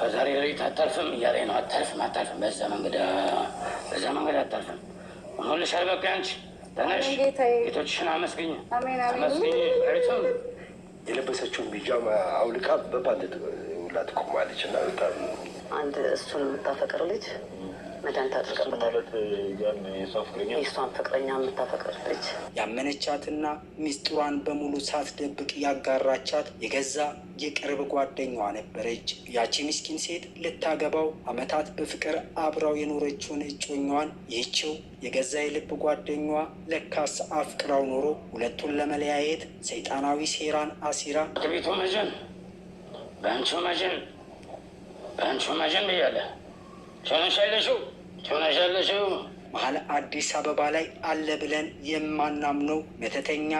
በዛሬ ሌሊት አታልፍም እያለኝ ነው። አታርፍም፣ አታርፍም፣ በዛ መንገድ በዛ መንገድ አታርፍም። ሆንልሻል። በቃ አንቺ ተነሽ፣ ጌቶችሽን አመስግኝ፣ አመስግኝ። አይተም የለበሰችውን ቢጃማ አውልቃ በፓንት ሁላ እና በጣም አንድ እሱን የምታፈቅር ልጅ መድኃኒት አድርገበታል። የእሷን ፍቅረኛ የምታፈቅር ልጅ ያመነቻትና ሚስጥሯን በሙሉ ሳትደብቅ ያጋራቻት የገዛ የቅርብ ጓደኛዋ ነበረች። ያቺ ምስኪን ሴት ልታገባው ዓመታት በፍቅር አብራው የኖረችውን እጮኛዋን ይህችው የገዛ የልብ ጓደኛዋ ለካስ አፍቅራው ኖሮ ሁለቱን ለመለያየት ሰይጣናዊ ሴራን አሲራ ቤቱ መጀን በአንቺ መጀን በአንቺ መጀን ብያለ ሸነሻ አይለሽው ትሆናሻለሽው መሀል አዲስ አበባ ላይ አለ ብለን የማናምነው መተተኛ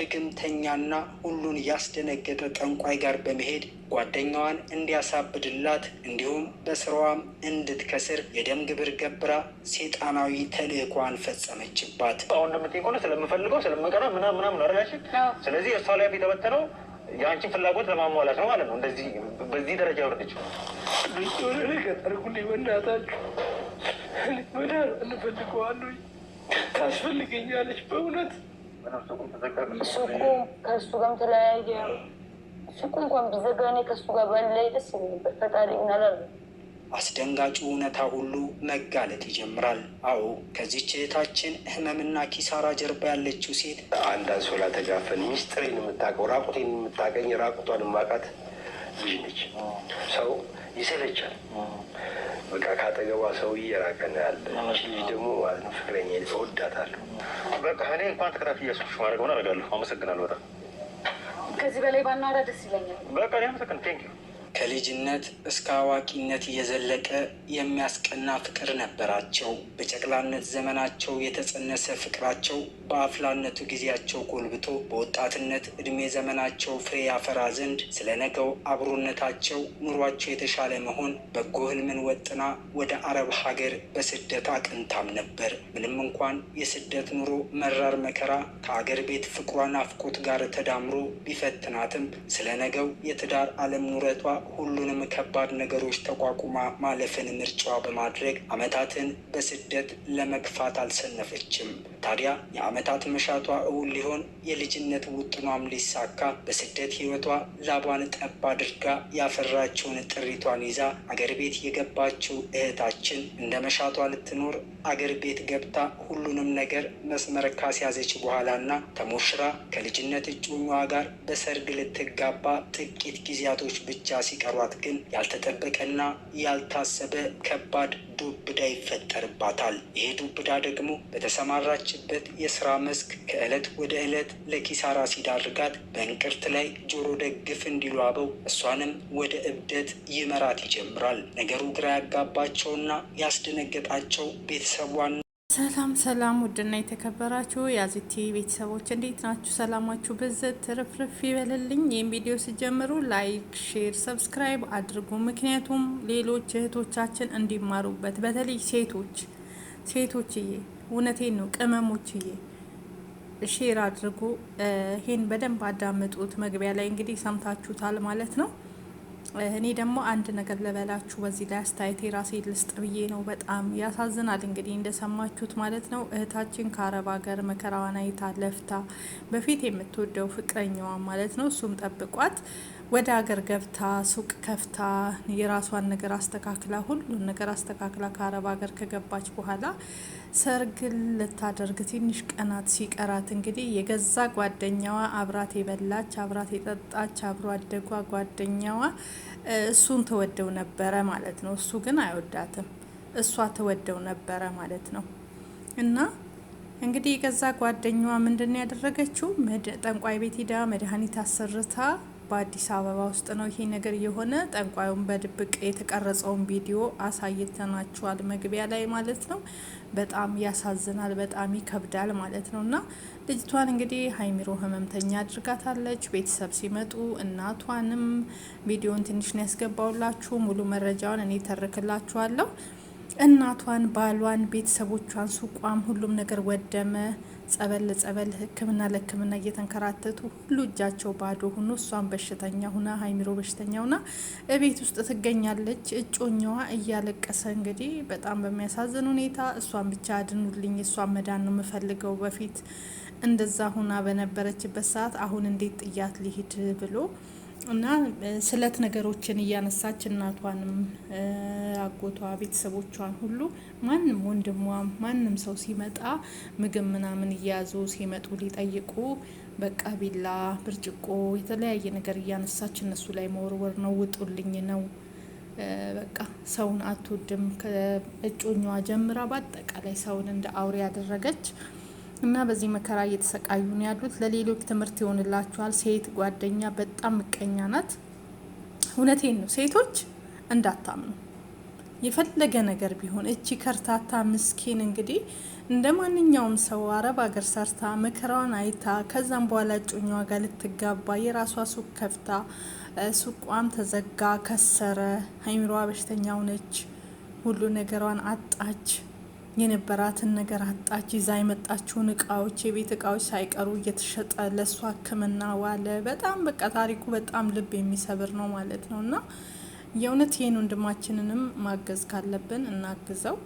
ድግምተኛና ሁሉን ያስደነገጠ ጠንቋይ ጋር በመሄድ ጓደኛዋን እንዲያሳብድላት እንዲሁም በስራዋም እንድትከስር የደም ግብር ገብራ ሴጣናዊ ተልእኳን ፈጸመችባት። አሁን እንደምትኝ ከሆነ ስለምፈልገው ስለምቀና ምናምን ምናምን አረጋችን። ስለዚህ እሷ ላይ የተበተነው የአንቺን ፍላጎት ለማሟላት ነው ማለት ነው። እንደዚህ በዚህ ደረጃ ወረደችው። ልጅ ሆነ ነገር አርጉልኝ በእናታችሁ መዳር እንፈልገዋለሁ ታስፈልገኛለች። በእውነት እሱ ከእሱ ጋርም ተለያየ። እሱ እንኳን ቢዘጋ እኔ ከእሱ ጋር ባላይ ደስ ፈጣሪ አስደንጋጩ እውነታ ሁሉ መጋለጥ ይጀምራል። አዎ ከዚች እህታችን ህመምና ኪሳራ ጀርባ ያለችው ሴት አንድ አንሶላ ተጋፈን ሚስጥሬን የምታውቀው ራቁቴን ራቁቷን የማውቃት ልጅ ነች። ሰው ይሰለቻል። በቃ ካጠገቧ ሰው እየራቀ ነው ያለ። ልጅ ደግሞ ማለት ነው ፍቅረኛ እወዳታለሁ። በቃ እኔ እንኳን ተከታፍ እያስኩሽ ማድረግ ሆነ አደርጋለሁ። አመሰግናለሁ በጣም ከዚህ በላይ ባናወራ ደስ ይለኛል። በቃ እኔ አመሰግን ቴንኪው ከልጅነት እስከ አዋቂነት እየዘለቀ የሚያስቀና ፍቅር ነበራቸው። በጨቅላነት ዘመናቸው የተጸነሰ ፍቅራቸው በአፍላነቱ ጊዜያቸው ጎልብቶ በወጣትነት እድሜ ዘመናቸው ፍሬ ያፈራ ዘንድ ስለ ነገው አብሮነታቸው ኑሯቸው የተሻለ መሆን በጎ ህልምን ወጥና ወደ አረብ ሀገር በስደት አቅንታም ነበር። ምንም እንኳን የስደት ኑሮ መራር መከራ ከአገር ቤት ፍቅሯ ናፍቆት ጋር ተዳምሮ ቢፈትናትም ስለ ነገው የትዳር አለም ኑረቷ ሁሉንም ከባድ ነገሮች ተቋቁማ ማለፍን ምርጫዋ በማድረግ ዓመታትን በስደት ለመግፋት አልሰነፈችም። ታዲያ የዓመታት መሻቷ እውን ሊሆን የልጅነት ውጥኗም ሊሳካ በስደት ሕይወቷ ላቧን ጠብ አድርጋ ያፈራችውን ጥሪቷን ይዛ አገር ቤት የገባችው እህታችን እንደ መሻቷ ልትኖር አገር ቤት ገብታ ሁሉንም ነገር መስመር ካስያዘች በኋላና ተሞሽራ ከልጅነት እጮኛዋ ጋር በሰርግ ልትጋባ ጥቂት ጊዜያቶች ብቻ ሲቀሯት ግን ያልተጠበቀና ያልታሰበ ከባድ ዱብዳ ይፈጠርባታል። ይህ ዱብዳ ደግሞ በተሰማራች በተሰማራችበት የስራ መስክ ከዕለት ወደ ዕለት ለኪሳራ ሲዳርጋት በእንቅርት ላይ ጆሮ ደግፍ እንዲሉ አበው እሷንም ወደ እብደት ይመራት ይጀምራል። ነገሩ ግራ ያጋባቸውና ያስደነገጣቸው ቤተሰቧን ሰላም ሰላም፣ ውድና የተከበራችሁ የአዚቲ ቤተሰቦች እንዴት ናችሁ? ሰላማችሁ ብዝት ትርፍርፍ ይበልልኝ። ይህም ቪዲዮ ሲጀምሩ ላይክ፣ ሼር፣ ሰብስክራይብ አድርጉ። ምክንያቱም ሌሎች እህቶቻችን እንዲማሩበት በተለይ ሴቶች ሴቶችዬ፣ እውነቴን ነው ቅመሞችዬ፣ ሼር አድርጉ። ይሄን በደንብ አዳምጡት። መግቢያ ላይ እንግዲህ ሰምታችሁታል ማለት ነው። እኔ ደግሞ አንድ ነገር ልበላችሁ። በዚህ ላይ አስተያየቴ ራሴ ልስጥ ብዬ ነው። በጣም ያሳዝናል እንግዲህ እንደሰማችሁት ማለት ነው። እህታችን ከአረብ ሀገር መከራዋን አይታ ለፍታ በፊት የምትወደው ፍቅረኛዋ ማለት ነው እሱም ጠብቋት ወደ አገር ገብታ ሱቅ ከፍታ የራሷን ነገር አስተካክላ ሁሉን ነገር አስተካክላ ከአረብ ሀገር ከገባች በኋላ ሰርግን ልታደርግ ትንሽ ቀናት ሲቀራት እንግዲህ የገዛ ጓደኛዋ አብራት የበላች አብራት የጠጣች አብሮ አደጓ ጓደኛዋ እሱን ተወደው ነበረ ማለት ነው። እሱ ግን አይወዳትም። እሷ ተወደው ነበረ ማለት ነው እና እንግዲህ የገዛ ጓደኛዋ ምንድን ነው ያደረገችው? ጠንቋይ ቤት ሂዳ መድኃኒት አሰርታ በአዲስ አበባ ውስጥ ነው ይሄ ነገር የሆነ። ጠንቋዩን በድብቅ የተቀረጸውን ቪዲዮ አሳይተናችኋል መግቢያ ላይ ማለት ነው። በጣም ያሳዝናል፣ በጣም ይከብዳል ማለት ነው። እና ልጅቷን እንግዲህ ሀይሚሮ ህመምተኛ አድርጋታለች። ቤተሰብ ሲመጡ እናቷንም ቪዲዮን ትንሽ ነው ያስገባውላችሁ። ሙሉ መረጃውን እኔ ተርክላችኋለሁ። እናቷን፣ ባሏን፣ ቤተሰቦቿን፣ ሱቋም ሁሉም ነገር ወደመ። ጸበል ለጸበል ሕክምና ለሕክምና እየተንከራተቱ ሁሉ እጃቸው ባዶ ሆኖ እሷን በሽተኛ ሁና ሀይሚሮ በሽተኛ ሁና እቤት ውስጥ ትገኛለች። እጮኛዋ እያለቀሰ እንግዲህ በጣም በሚያሳዝን ሁኔታ እሷን ብቻ አድኑልኝ፣ እሷን መዳን ነው የምፈልገው። በፊት እንደዛ ሁና በነበረችበት ሰዓት አሁን እንዴት ጥያት ሊሄድ ብሎ እና ስለት ነገሮችን እያነሳች እናቷንም አጎቷ ቤተሰቦቿን ሁሉ ማንም ወንድሟም ማንም ሰው ሲመጣ ምግብ ምናምን እያያዙ ሲመጡ ሊጠይቁ በቃ ቢላ፣ ብርጭቆ፣ የተለያየ ነገር እያነሳች እነሱ ላይ መወርወር ነው። ውጡልኝ ነው በቃ ሰውን አትወድም። ከእጮኛዋ ጀምራ በአጠቃላይ ሰውን እንደ አውሬ ያደረገች እና በዚህ መከራ እየተሰቃዩ ነው ያሉት። ለሌሎች ትምህርት ይሆንላችኋል። ሴት ጓደኛ በጣም ምቀኛ ናት። እውነቴን ነው። ሴቶች እንዳታምኑ የፈለገ ነገር ቢሆን እቺ ከርታታ ምስኪን እንግዲህ እንደ ማንኛውም ሰው አረብ ሀገር ሰርታ መከራዋን አይታ ከዛም በኋላ እጮኛዋ ጋር ልትጋባ የራሷ ሱቅ ከፍታ ሱቋም ተዘጋ፣ ከሰረ፣ አይምሮዋ በሽተኛ ሆነች፣ ሁሉ ነገሯን አጣች። የነበራትን ነገር አጣች። ይዛ የመጣችውን እቃዎች የቤት እቃዎች ሳይቀሩ እየተሸጠ ለእሷ ሕክምና ዋለ። በጣም በቃ ታሪኩ በጣም ልብ የሚሰብር ነው ማለት ነው። እና የእውነት ይህን ወንድማችንንም ማገዝ ካለብን እናግዘው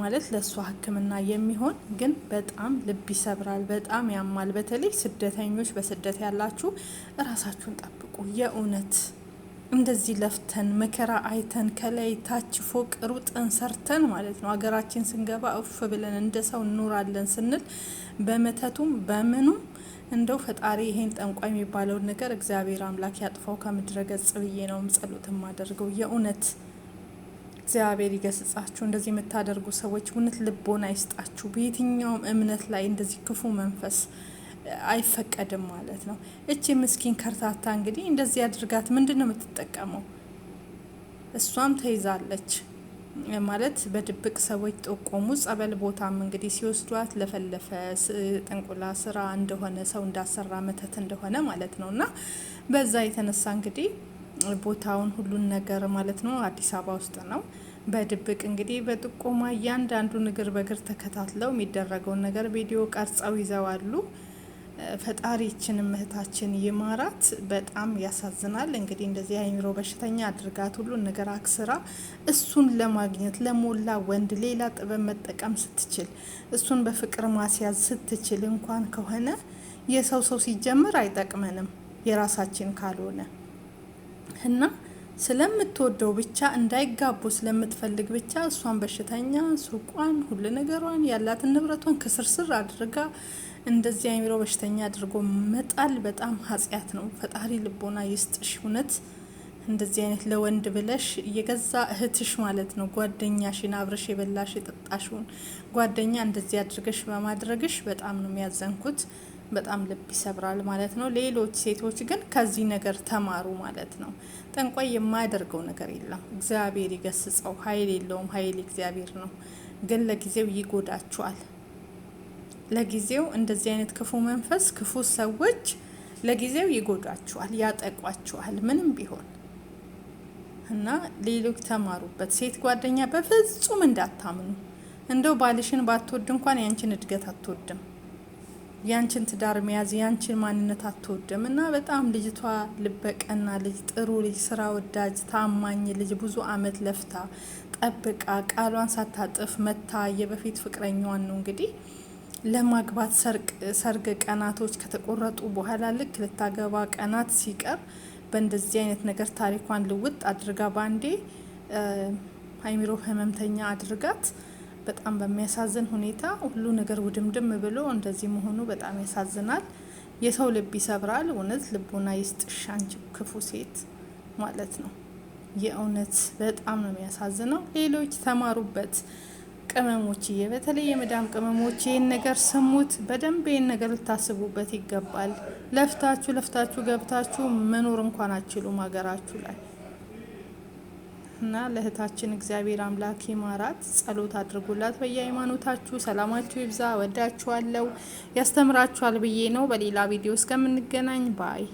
ማለት ለእሷ ሕክምና የሚሆን ግን በጣም ልብ ይሰብራል፣ በጣም ያማል። በተለይ ስደተኞች፣ በስደት ያላችሁ እራሳችሁን ጠብቁ የእውነት እንደዚህ ለፍተን መከራ አይተን ከላይ ታች ፎቅ ሩጠን ሰርተን ማለት ነው ሀገራችን ስንገባ እፍ ብለን እንደ ሰው እንኖራለን ስንል በመተቱም በምኑም እንደው ፈጣሪ ይሄን ጠንቋይ የሚባለውን ነገር እግዚአብሔር አምላክ ያጥፋው ከምድረ ገጽ ብዬ ነው ጸሎት የማደርገው። የእውነት እግዚአብሔር ይገስጻችሁ። እንደዚህ የምታደርጉ ሰዎች እውነት ልቦና ይስጣችሁ። በየትኛውም እምነት ላይ እንደዚህ ክፉ መንፈስ አይፈቀድም ማለት ነው። እቺ ምስኪን ከርታታ እንግዲህ እንደዚህ አድርጋት ምንድን ነው የምትጠቀመው? እሷም ተይዛለች ማለት በድብቅ ሰዎች ጠቆሙ። ጸበል ቦታም እንግዲህ ሲወስዷት ለፈለፈ ጥንቁላ ስራ እንደሆነ ሰው እንዳሰራ መተት እንደሆነ ማለት ነው እና በዛ የተነሳ እንግዲህ ቦታውን ሁሉን ነገር ማለት ነው አዲስ አበባ ውስጥ ነው በድብቅ እንግዲህ በጥቆማ እያንዳንዱ እግር በእግር ተከታትለው የሚደረገውን ነገር ቪዲዮ ቀርጸው ይዘዋሉ። ፈጣሪችን እህታችን ይማራት። በጣም ያሳዝናል። እንግዲህ እንደዚህ አይምሮ በሽተኛ አድርጋት ሁሉን ነገር አክስራ እሱን ለማግኘት ለሞላ ወንድ ሌላ ጥበብ መጠቀም ስትችል እሱን በፍቅር ማስያዝ ስትችል እንኳን ከሆነ የሰው ሰው ሲጀምር አይጠቅመንም የራሳችን ካልሆነ እና ስለምትወደው ብቻ እንዳይጋቡ ስለምትፈልግ ብቻ እሷን በሽተኛ ሱቋን፣ ሁሉ ነገሯን፣ ያላትን ንብረቷን ክስርስር አድርጋ እንደዚህ አይምሮ በሽተኛ አድርጎ መጣል በጣም ኃጢአት ነው። ፈጣሪ ልቦና ይስጥሽ። እውነት እንደዚህ አይነት ለወንድ ብለሽ የገዛ እህትሽ ማለት ነው ጓደኛሽን አብረሽ የበላሽ የጠጣሽውን ጓደኛ እንደዚህ አድርገሽ በማድረግሽ በጣም ነው የሚያዘንኩት። በጣም ልብ ይሰብራል ማለት ነው። ሌሎች ሴቶች ግን ከዚህ ነገር ተማሩ ማለት ነው። ጠንቋይ የማያደርገው ነገር የለም። እግዚአብሔር ይገስጸው። ኃይል የለውም። ኃይል እግዚአብሔር ነው። ግን ለጊዜው ይጎዳችኋል። ለጊዜው እንደዚህ አይነት ክፉ መንፈስ፣ ክፉ ሰዎች ለጊዜው ይጎዷችኋል፣ ያጠቋችኋል ምንም ቢሆን እና ሌሎች ተማሩበት። ሴት ጓደኛ በፍጹም እንዳታምኑ። እንደው ባልሽን ባትወድ እንኳን ያንችን እድገት አትወድም፣ ያንችን ትዳር መያዝ፣ ያንችን ማንነት አትወድም። እና በጣም ልጅቷ ልበቀና ልጅ፣ ጥሩ ልጅ፣ ስራ ወዳጅ፣ ታማኝ ልጅ ብዙ አመት ለፍታ ጠብቃ ቃሏን ሳታጥፍ መታ የበፊት ፍቅረኛዋን ነው እንግዲህ ለማግባት ሰርግ ቀናቶች ከተቆረጡ በኋላ ልክ ልታገባ ቀናት ሲቀር በእንደዚህ አይነት ነገር ታሪኳን ልውጥ አድርጋ ባንዴ አይሚሮ ህመምተኛ አድርጋት በጣም በሚያሳዝን ሁኔታ ሁሉ ነገር ውድምድም ብሎ እንደዚህ መሆኑ በጣም ያሳዝናል። የሰው ልብ ይሰብራል። እውነት ልቡና ይስጥሽ አንቺ ክፉ ሴት ማለት ነው። የእውነት በጣም ነው የሚያሳዝነው። ሌሎች ተማሩበት። ቅመሞችዬ በተለይ የመዳም ቅመሞች ይህን ነገር ስሙት በደንብ ይህን ነገር ልታስቡበት ይገባል። ለፍታችሁ ለፍታችሁ ገብታችሁ መኖር እንኳን አችሉም ሀገራችሁ ላይ እና ለእህታችን እግዚአብሔር አምላክ ይማራት፣ ጸሎት አድርጉላት። በየሃይማኖታችሁ ሰላማችሁ ይብዛ። ወዳችኋለሁ። ያስተምራችኋል ብዬ ነው። በሌላ ቪዲዮ እስከምንገናኝ ባይ